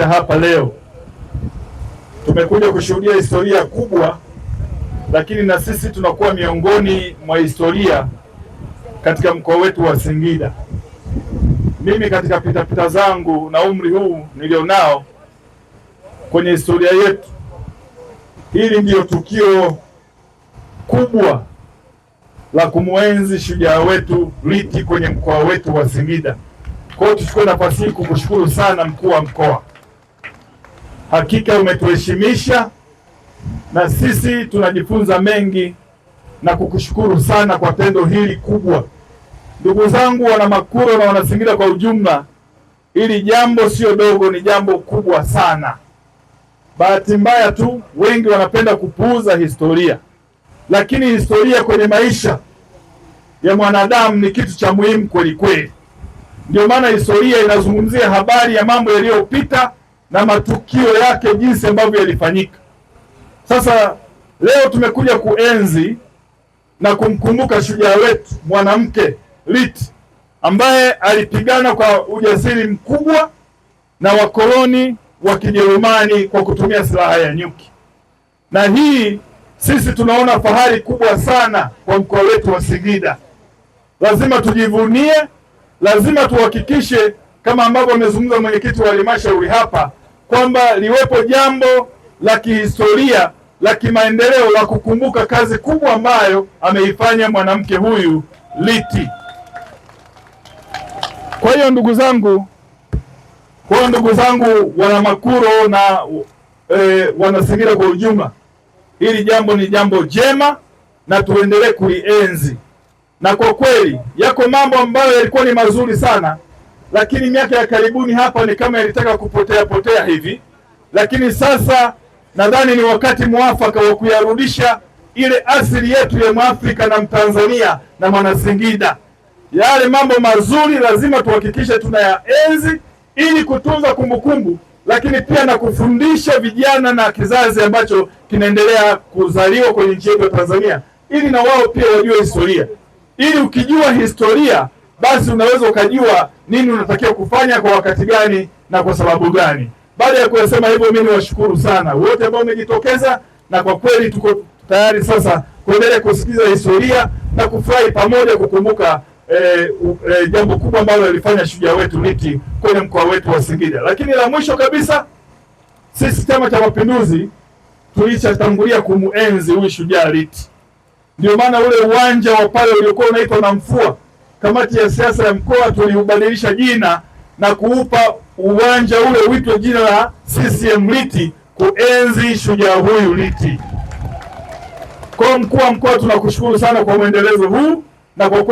Hapa leo tumekuja kushuhudia historia kubwa, lakini na sisi tunakuwa miongoni mwa historia katika mkoa wetu wa Singida. Mimi katika pitapita zangu na umri huu nilionao kwenye historia yetu, hili ndiyo tukio kubwa la kumwenzi shujaa wetu Liti kwenye mkoa wetu wa Singida. Kwa hiyo tuchukue nafasi hii kukushukuru sana mkuu wa mkoa Hakika umetuheshimisha na sisi tunajifunza mengi na kukushukuru sana kwa tendo hili kubwa. Ndugu zangu wana Makuro na Wanasingira kwa ujumla, hili jambo sio dogo, ni jambo kubwa sana. Bahati mbaya tu wengi wanapenda kupuuza historia, lakini historia kwenye maisha ya mwanadamu ni kitu cha muhimu kweli kweli. Ndio maana historia inazungumzia habari ya mambo yaliyopita na matukio yake jinsi ambavyo yalifanyika. Sasa leo tumekuja kuenzi na kumkumbuka shujaa wetu mwanamke lit ambaye alipigana kwa ujasiri mkubwa na wakoloni wa Kijerumani kwa kutumia silaha ya nyuki, na hii sisi tunaona fahari kubwa sana kwa mkoa wetu wa Singida. Lazima tujivunie, lazima tuhakikishe kama ambavyo amezungumza mwenyekiti wa halmashauri hapa kwamba liwepo jambo la kihistoria la kimaendeleo la kukumbuka kazi kubwa ambayo ameifanya mwanamke huyu Liti. Kwa hiyo ndugu zangu, kwa hiyo ndugu zangu wana Makuro na e, eh, Wanasingira kwa ujumla, hili jambo ni jambo jema na tuendelee kulienzi, na kwa kweli yako mambo ambayo yalikuwa ni mazuri sana lakini miaka ya karibuni hapa ni kama yalitaka kupotea potea hivi, lakini sasa nadhani ni wakati mwafaka wa kuyarudisha ile asili yetu ya Mwafrika na Mtanzania na Mwanasingida. Yale mambo mazuri lazima tuhakikishe tunayaenzi ili kutunza kumbukumbu, lakini pia na kufundisha vijana na kizazi ambacho kinaendelea kuzaliwa kwenye nchi yetu ya Tanzania, ili na wao pia wajue historia, ili ukijua historia basi unaweza ukajua nini unatakiwa kufanya kwa wakati gani na kwa sababu gani. Baada ya kuyasema hivyo, mimi niwashukuru sana wote ambao umejitokeza na kwa kweli tuko tayari sasa kuendelea kusikiliza historia na kufurahi pamoja kukumbuka eh, eh, jambo kubwa ambalo alifanya shujaa wetu Liti kwenye mkoa wetu wa Singida. Lakini la mwisho kabisa, sisi Chama cha Mapinduzi tulichatangulia kumuenzi huyu shujaa Liti, ndio maana ule uwanja wa pale uliokuwa unaitwa na mfua kamati ya siasa ya mkoa tuliubadilisha jina na kuupa uwanja ule uitwe jina la CCM Liti kuenzi shujaa huyu Liti. Kwa mkuu wa mkoa tunakushukuru sana kwa mwendelezo huu na kwa